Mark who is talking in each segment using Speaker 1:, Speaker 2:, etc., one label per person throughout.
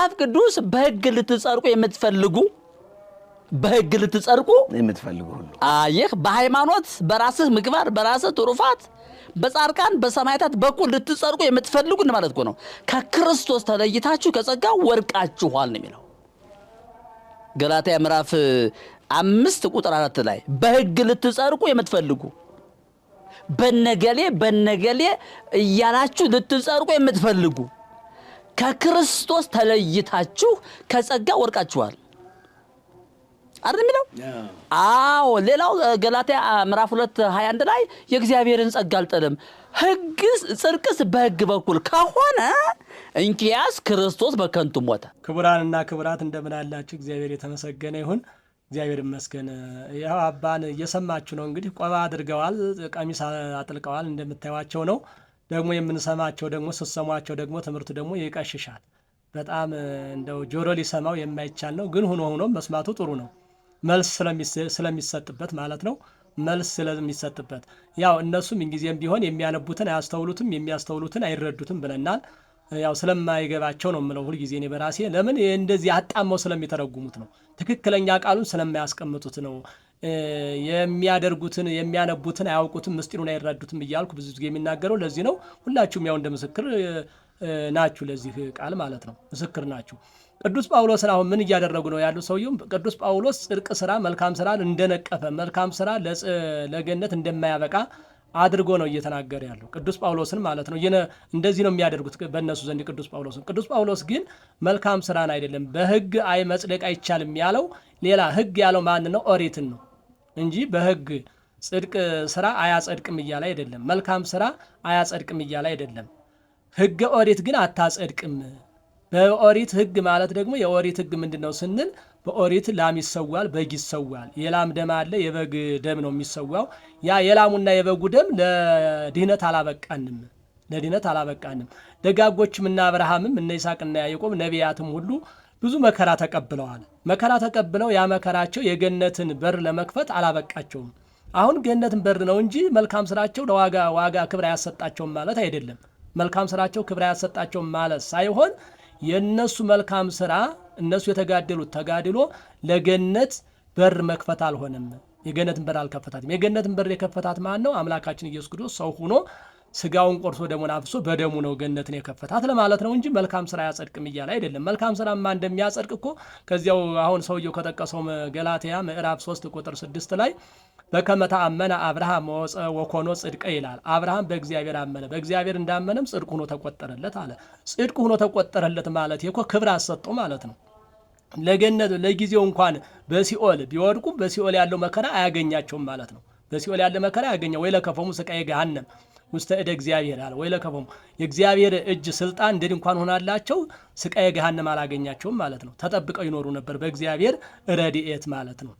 Speaker 1: መጽሐፍ ቅዱስ በሕግ ልትጸድቁ የምትፈልጉ በሕግ ልትጸድቁ
Speaker 2: የምትፈልጉ ሁሉ
Speaker 1: ይህ በሃይማኖት በራስህ ምግባር በራስህ ትሩፋት በጻድቃን በሰማዕታት በኩል ልትጸድቁ የምትፈልጉ ማለት ነው። ከክርስቶስ ተለይታችሁ ከጸጋ ወርቃችኋል ነው የሚለው ገላትያ ምዕራፍ አምስት ቁጥር አራት ላይ በሕግ ልትጸድቁ የምትፈልጉ በነገሌ በነገሌ እያላችሁ ልትጸድቁ የምትፈልጉ ከክርስቶስ ተለይታችሁ ከጸጋ ወርቃችኋል አይደል የሚለው? አዎ። ሌላው ገላትያ ምዕራፍ ሁለት ሀያ አንድ ላይ የእግዚአብሔርን ጸጋ አልጥልም፣ ህግስ ጽድቅስ በህግ በኩል ከሆነ እንኪያስ ክርስቶስ በከንቱ ሞተ።
Speaker 3: ክቡራንና ክቡራት እንደምን አላችሁ? እግዚአብሔር የተመሰገነ ይሁን። እግዚአብሔር ይመስገን። ያው አባን እየሰማችሁ ነው እንግዲህ። ቆባ አድርገዋል፣ ቀሚስ አጥልቀዋል፣ እንደምታዩቸው ነው። ደግሞ የምንሰማቸው ደግሞ ስትሰሟቸው ደግሞ ትምህርቱ ደግሞ ይቀሽሻል። በጣም እንደው ጆሮ ሊሰማው የማይቻል ነው። ግን ሆኖ ሆኖም መስማቱ ጥሩ ነው። መልስ ስለሚሰጥበት ማለት ነው። መልስ ስለሚሰጥበት ያው እነሱም ምንጊዜም ቢሆን የሚያነቡትን አያስተውሉትም፣ የሚያስተውሉትን አይረዱትም ብለናል። ያው ስለማይገባቸው ነው የምለው ሁልጊዜ እኔ በራሴ ለምን እንደዚህ አጣመው ስለሚተረጉሙት ነው። ትክክለኛ ቃሉን ስለማያስቀምጡት ነው። የሚያደርጉትን የሚያነቡትን አያውቁትም፣ ምስጢሩን አይረዱትም እያልኩ ብዙ ጊዜ የሚናገረው ለዚህ ነው። ሁላችሁም ያው እንደ ምስክር ናችሁ፣ ለዚህ ቃል ማለት ነው ምስክር ናችሁ። ቅዱስ ጳውሎስን አሁን ምን እያደረጉ ነው ያሉ? ሰውየውም ቅዱስ ጳውሎስ ጽድቅ ስራ መልካም ስራ እንደነቀፈ መልካም ስራ ለገነት እንደማያበቃ አድርጎ ነው እየተናገረ ያለው ቅዱስ ጳውሎስን ማለት ነው። እንደዚህ ነው የሚያደርጉት በእነሱ ዘንድ ቅዱስ ጳውሎስን። ቅዱስ ጳውሎስ ግን መልካም ስራን አይደለም በህግ አይ መጽደቅ አይቻልም ያለው ሌላ ህግ ያለው ማን ነው? ኦሪትን ነው እንጂ በህግ ጽድቅ ስራ አያጸድቅም እያለ አይደለም። መልካም ስራ አያጸድቅም እያለ አይደለም። ህገ ኦሪት ግን አታጸድቅም በኦሪት ህግ ማለት ደግሞ የኦሪት ህግ ምንድን ነው ስንል በኦሪት ላም ይሰዋል፣ በግ ይሰዋል። የላም ደም አለ፣ የበግ ደም ነው የሚሰዋው። ያ የላሙና የበጉ ደም ለድህነት አላበቃንም፣ ለድህነት አላበቃንም። ደጋጎችም እና አብርሃምም እነ ይስሐቅና ያዕቆብ ነቢያትም ሁሉ ብዙ መከራ ተቀብለዋል። መከራ ተቀብለው ያ መከራቸው የገነትን በር ለመክፈት አላበቃቸውም። አሁን ገነትን በር ነው እንጂ መልካም ስራቸው ለዋጋ ዋጋ ክብር አያሰጣቸውም ማለት አይደለም። መልካም ስራቸው ክብር አያሰጣቸውም ማለት ሳይሆን የእነሱ መልካም ስራ እነሱ የተጋደሉት ተጋድሎ ለገነት በር መክፈት አልሆነም። የገነትን በር አልከፈታትም። የገነትን በር የከፈታት ማን ነው? አምላካችን ኢየሱስ ክርስቶስ ሰው ሆኖ ስጋውን ቆርሶ ደሙን አፍሶ በደሙ ነው ገነትን የከፈታት ለማለት ነው እንጂ መልካም ስራ ያጸድቅም እያለ አይደለም። መልካም ስራማ እንደሚያጸድቅ እኮ ከዚያው አሁን ሰውየው ከጠቀሰው ገላትያ ምዕራፍ 3 ቁጥር 6 ላይ በከመታ አመነ አብርሃም ወኮኖ ጽድቀ ይላል። አብርሃም በእግዚአብሔር አመነ፣ በእግዚአብሔር እንዳመነም ጽድቅ ሆኖ ተቆጠረለት አለ። ጽድቅ ሆኖ ተቆጠረለት ማለት እኮ ክብር አሰጠው ማለት ነው። ለገነት ለጊዜው እንኳን በሲኦል ቢወድቁ በሲኦል ያለው መከራ አያገኛቸውም ማለት ነው። በሲኦል ያለ መከራ ያገኘው ወይ ለከፈሙ ስቃይ ገሃነም ውስተ እደ እግዚአብሔር አለ ወይ ለከፎም የእግዚአብሔር እጅ ስልጣን እንደ ድንኳን ሆናላቸው ስቃየ ገሃነም አላገኛቸውም ማለት ነው። ተጠብቀው ይኖሩ ነበር በእግዚአብሔር ረድኤት ማለት ነው።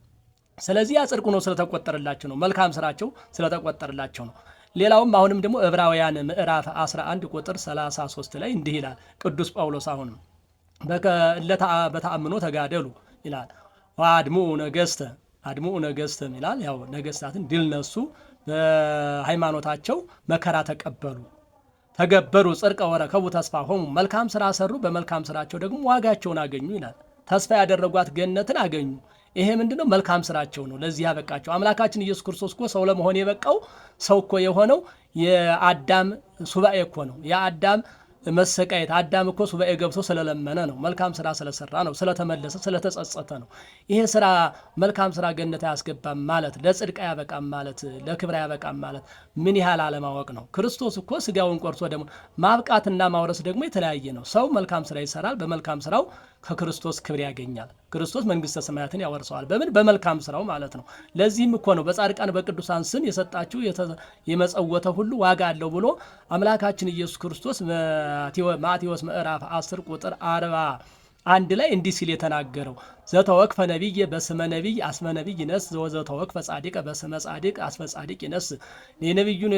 Speaker 3: ስለዚህ አጽድቁ ነው ስለተቆጠረላቸው ነው። መልካም ስራቸው ስለተቆጠረላቸው ነው። ሌላውም አሁንም ደግሞ ዕብራውያን ምዕራፍ 11 ቁጥር 33 ላይ እንዲህ ይላል ቅዱስ ጳውሎስ አሁንም በተአምኖ ተጋደሉ ይላል። አድሙ ነገስተ አድሙ ነገስተ ይላል። ያው ነገስታትን ድል ነሱ በሃይማኖታቸው መከራ ተቀበሉ ተገበሩ ጽድቀ ወረከቡ ተስፋ ሆሙ መልካም ስራ ሰሩ፣ በመልካም ስራቸው ደግሞ ዋጋቸውን አገኙ ይላል። ተስፋ ያደረጓት ገነትን አገኙ። ይሄ ምንድነው? መልካም ስራቸው ነው ለዚህ ያበቃቸው። አምላካችን ኢየሱስ ክርስቶስ እኮ ሰው ለመሆን የበቃው ሰው እኮ የሆነው የአዳም ሱባኤ እኮ ነው የአዳም መሰቃየት አዳም እኮ ሱባኤ ገብቶ ስለለመነ ነው። መልካም ስራ ስለሰራ ነው። ስለተመለሰ ስለተጸጸተ ነው። ይሄ ስራ መልካም ስራ ገነት አያስገባም ማለት ለጽድቅ አያበቃም ማለት ለክብር አያበቃም ማለት ምን ያህል አለማወቅ ነው። ክርስቶስ እኮ ስጋውን ቆርሶ ደግሞ ማብቃትና ማውረስ ደግሞ የተለያየ ነው። ሰው መልካም ስራ ይሰራል። በመልካም ስራው ከክርስቶስ ክብር ያገኛል። ክርስቶስ መንግስተ ሰማያትን ያወርሰዋል። በምን በመልካም ስራው ማለት ነው። ለዚህም እኮ ነው በጻድቃን በቅዱሳን ስም የሰጣችሁ የመጸወተ ሁሉ ዋጋ አለው ብሎ አምላካችን ኢየሱስ ክርስቶስ ማቴዎስ ምዕራፍ 10 ቁጥር 40 አንድ ላይ እንዲህ ሲል የተናገረው ዘተወክፈ ነቢይ በስመ ነቢይ አስመ ነቢይ ይነስ ዘወዘተወክፈ ጻድቀ በስመ ጻድቅ አስፈ ጻድቅ ይነስ። የነቢዩን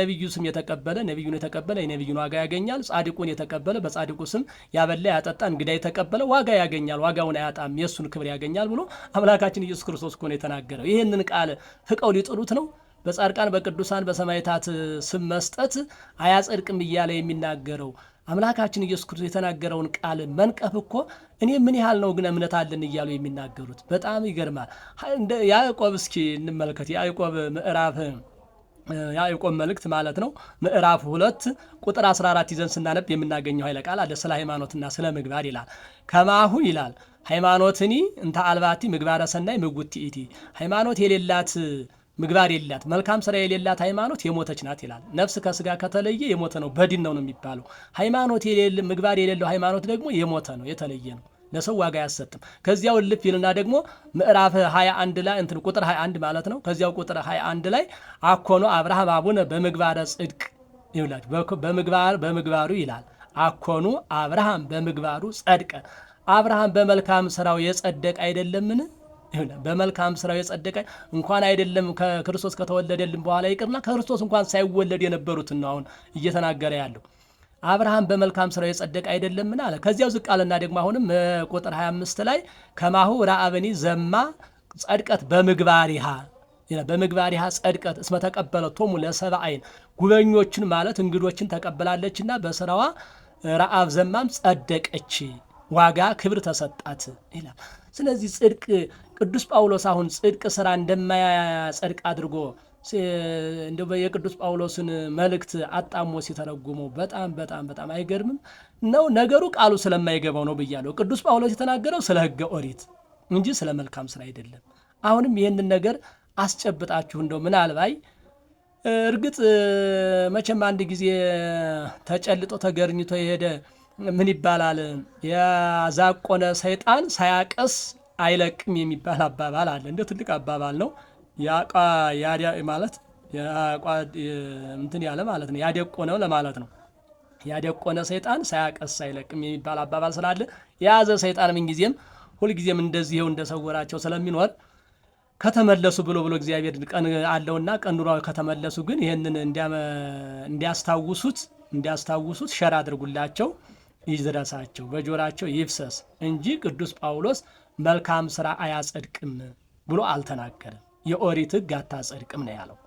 Speaker 3: ነቢዩ ስም የተቀበለ ነቢዩን የተቀበለ የነቢዩን ዋጋ ያገኛል። ጻድቁን የተቀበለ በጻድቁ ስም ያበላ ያጠጣ እንግዳ የተቀበለ ዋጋ ያገኛል፣ ዋጋውን አያጣም፣ የእሱን ክብር ያገኛል ብሎ አምላካችን ኢየሱስ ክርስቶስ እኮ ነው የተናገረው። ይህንን ቃል ፍቀው ሊጥሉት ነው። በጻድቃን በቅዱሳን በሰማይታት ስም መስጠት አያጸድቅም እያለ የሚናገረው አምላካችን ኢየሱስ ክርስቶስ የተናገረውን ቃል መንቀፍ እኮ እኔ ምን ያህል ነው ግን እምነት አለን እያሉ የሚናገሩት በጣም ይገርማል። ያዕቆብ እስኪ እንመልከት። ያዕቆብ ምዕራፍ ያዕቆብ መልእክት ማለት ነው ምዕራፍ ሁለት ቁጥር 14 ይዘን ስናነብ የምናገኘው ኃይለ ቃል አለ። ስለ ሃይማኖትና ስለ ምግባር ይላል። ከማሁ ይላል ሃይማኖትኒ እንተ አልባቲ ምግባረ ሰናይ ምጉቲ ኢቲ ሃይማኖት የሌላት ምግባር የላት መልካም ስራ የሌላት ሃይማኖት የሞተች ናት ይላል። ነፍስ ከስጋ ከተለየ የሞተ ነው፣ በድን ነው ነው የሚባለው። ሃይማኖት ምግባር የሌለው ሃይማኖት ደግሞ የሞተ ነው፣ የተለየ ነው፣ ለሰው ዋጋ አያሰጥም። ከዚያው ልፍ ይልና ደግሞ ምዕራፍ 21 ላይ እንትን ቁጥር 21 ማለት ነው። ከዚያው ቁጥር 21 ላይ አኮኖ አብርሃም አቡነ በምግባረ ጽድቅ ይውላል፣ በምግባር በምግባሩ ይላል። አኮኑ አብርሃም በምግባሩ ጸድቀ፣ አብርሃም በመልካም ስራው የጸደቀ አይደለምን? በመልካም ስራው የጸደቀ እንኳን አይደለም ከክርስቶስ ከተወለደልን በኋላ ይቅርና ከክርስቶስ እንኳን ሳይወለድ የነበሩትን ነው አሁን እየተናገረ ያለው። አብርሃም በመልካም ስራው የጸደቀ አይደለምን አለ። ከዚያው ዝቅ አለና ደግሞ አሁንም ቁጥር 25 ላይ ከማሁ ረአብኒ ዘማ ጸድቀት በምግባሪሃ በምግባሪሃ ጸድቀት እስመተቀበለ ቶሙ ለሰብአይን ጉበኞችን ማለት እንግዶችን ተቀበላለችና በስራዋ ረአብ ዘማም ጸደቀች፣ ዋጋ ክብር ተሰጣት ይላል። ስለዚህ ጽድቅ ቅዱስ ጳውሎስ አሁን ጽድቅ ስራ እንደማያጸድቅ አድርጎ የቅዱስ ጳውሎስን መልእክት አጣሞ ሲተረጉመው በጣም በጣም በጣም አይገርምም ነው ነገሩ። ቃሉ ስለማይገባው ነው ብያለሁ። ቅዱስ ጳውሎስ የተናገረው ስለ ህገ ኦሪት እንጂ ስለ መልካም ስራ አይደለም። አሁንም ይህንን ነገር አስጨብጣችሁ እንደው ምናልባይ እርግጥ መቼም አንድ ጊዜ ተጨልጦ ተገርኝቶ የሄደ ምን ይባላል የዛቆነ ሰይጣን ሳያቀስ አይለቅም የሚባል አባባል አለ። እንደ ትልቅ አባባል ነው። ማለት እንትን ያለ ማለት ነው። ያደቆ ነው ለማለት ነው። ያደቆነ ሰይጣን ሳያቀስ አይለቅም የሚባል አባባል ስላለ የያዘ ሰይጣን ምንጊዜም ሁልጊዜም እንደዚህ ይኸው እንደሰወራቸው ስለሚኖር ከተመለሱ ብሎ ብሎ እግዚአብሔር ቀን አለውና ቀን ኑሯ ከተመለሱ ግን ይህንን እንዲያስታውሱት እንዲያስታውሱት ሸር አድርጉላቸው፣ ይድረሳቸው፣ በጆራቸው ይፍሰስ እንጂ ቅዱስ ጳውሎስ መልካም ሥራ አያጸድቅም ብሎ አልተናገርም የኦሪት ሕግ አታጸድቅም ነው ያለው።